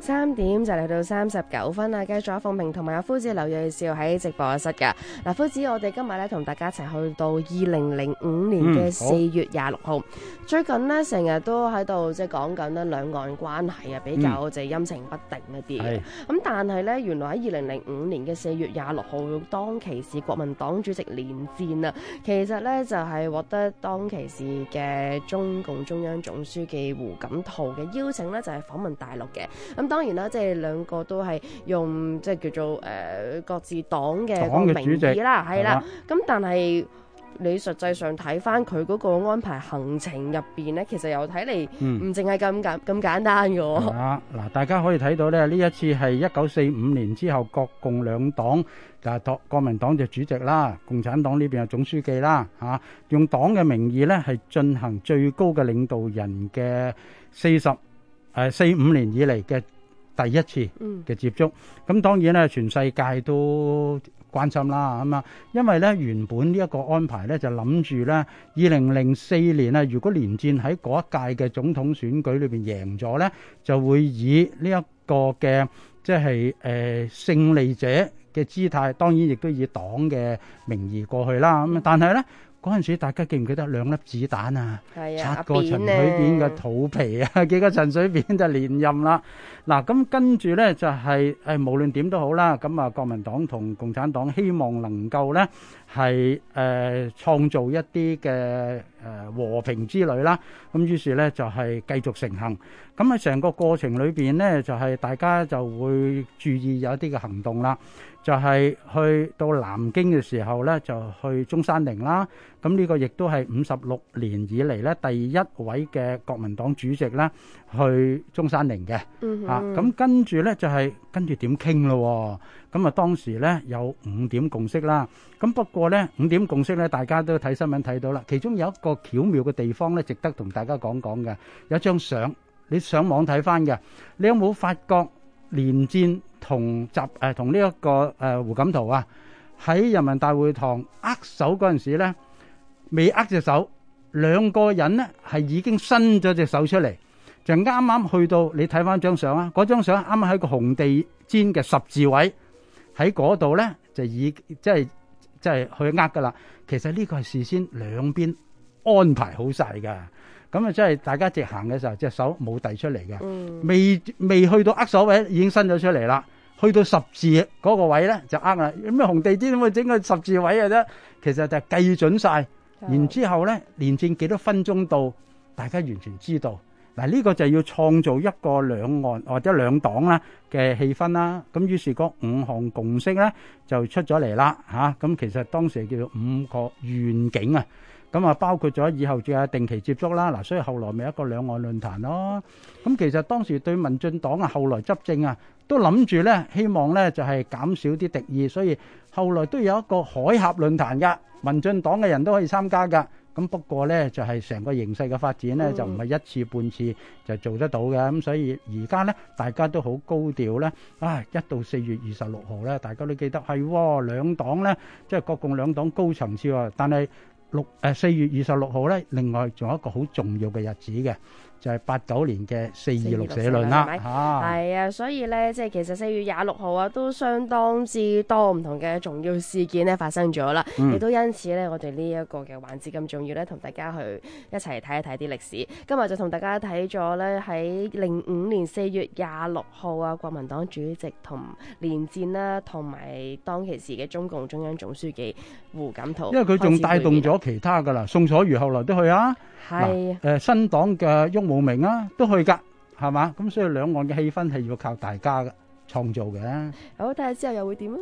三點就嚟到三十九分啦，繼續阿鳳鳴同埋阿夫子劉銳少喺直播室噶。嗱，夫子，我哋今日呢同大家一齊去到二零零五年嘅四月廿六號。嗯、最近呢，成日都喺度即係講緊呢兩岸關係啊，比較就係陰晴不定一啲。咁、嗯、但係呢，原來喺二零零五年嘅四月廿六號，當其時國民黨主席連戰啊，其實呢，就係、是、獲得當其時嘅中共中央總書記胡錦濤嘅邀請呢，就係、是、訪問大陸嘅。咁當然啦，即係兩個都係用即係叫做誒各自黨嘅名義啦，黨嘅主席啦，係啦。咁但係你實際上睇翻佢嗰個安排行程入邊咧，其實又睇嚟唔淨係咁簡咁簡單嘅喎。啊嗱，大家可以睇到咧，呢一次係一九四五年之後，國共兩黨就黨國民黨就主席啦，共產黨呢邊嘅總書記啦。嚇，用黨嘅名義咧，係進行最高嘅領導人嘅四十誒四五年以嚟嘅。第一次嘅接觸，咁當然咧，全世界都關心啦，咁啊，因為咧原本呢一個安排咧，就諗住咧，二零零四年啊，如果連戰喺嗰一屆嘅總統選舉裏邊贏咗咧，就會以呢一個嘅即係誒勝利者嘅姿態，當然亦都以黨嘅名義過去啦。咁但係咧。嗰陣時，大家記唔記得兩粒子彈啊？係啊，拆過陳水扁嘅肚皮啊，幾個陳水扁就連任啦。嗱，咁跟住咧就係誒，無論點都好啦。咁啊，國民黨同共產黨希望能夠咧係誒創造一啲嘅誒和平之旅啦。咁於是咧就係繼續成行。咁喺成個過程裏邊咧，就係大家就會注意有一啲嘅行動啦。就係去到南京嘅時候咧，就去中山陵啦。咁、這、呢個亦都係五十六年以嚟咧第一位嘅國民黨主席啦去中山陵嘅、嗯哼啊。嗯。咁跟住咧就係、是、跟住點傾咯？咁、嗯、啊，當時咧有五點共識啦。咁、嗯、不過咧五點共識咧，大家都睇新聞睇到啦。其中有一個巧妙嘅地方咧，值得同大家講講嘅。有一張相，你上網睇翻嘅，你有冇發覺連戰？同集誒同呢一個誒胡錦濤啊，喺人民大會堂握手陣時咧，未握隻手，兩個人咧係已經伸咗隻手出嚟，就啱啱去到，你睇翻張相啊！張相啱啱喺個紅地氈嘅十字位喺度咧，就已即係即係去握噶啦。其實呢個係事先兩邊安排好晒嘅，咁啊即係大家直行嘅時候隻手冇遞出嚟嘅，未未去到握手位已經伸咗出嚟啦。去到十字嗰個位咧，就呃啦。有咩紅地啲，咁去整個十字位嘅啫？其實就計準晒。然之後咧，連戰幾多分鐘到，大家完全知道。嗱、啊，呢、這個就要創造一個兩岸或者兩黨啦嘅氣氛啦。咁於是嗰五項共識咧就出咗嚟啦。嚇、啊，咁其實當時叫做五個願景啊。咁啊，包括咗以後仲有定期接觸啦，嗱，所以後來咪一個兩岸論壇咯。咁其實當時對民進黨啊，後來執政啊，都諗住呢，希望呢就係減少啲敵意，所以後來都有一個海峽論壇㗎，民進黨嘅人都可以參加㗎。咁不過呢，就係成個形勢嘅發展呢，就唔係一次半次就做得到嘅。咁所以而家呢，大家都好高調呢，啊，一到四月二十六號呢，大家都記得係喎，兩黨呢，即係國共兩黨高層次啊，但係。六誒四月二十六號咧，另外仲有一個好重要嘅日子嘅。就係八九年嘅四二六社論啦，係啊，所以呢，即係其實四月廿六號啊，都相當之多唔同嘅重要事件呢發生咗啦，亦、嗯、都因此呢，我哋呢一個嘅環節咁重要呢，同大家去一齊睇一睇啲歷史。今日就同大家睇咗呢，喺零五年四月廿六號啊，國民黨主席同連戰啦、啊，同埋當其時嘅中共中央總書記胡錦濤。因為佢仲帶動咗其他㗎喇，宋楚瑜後來都去啊。係誒是、呃、新黨嘅茂名啊，都可以噶，係嘛？咁所以兩岸嘅氣氛係要靠大家嘅創造嘅，啊。好，睇下之後又會點啊！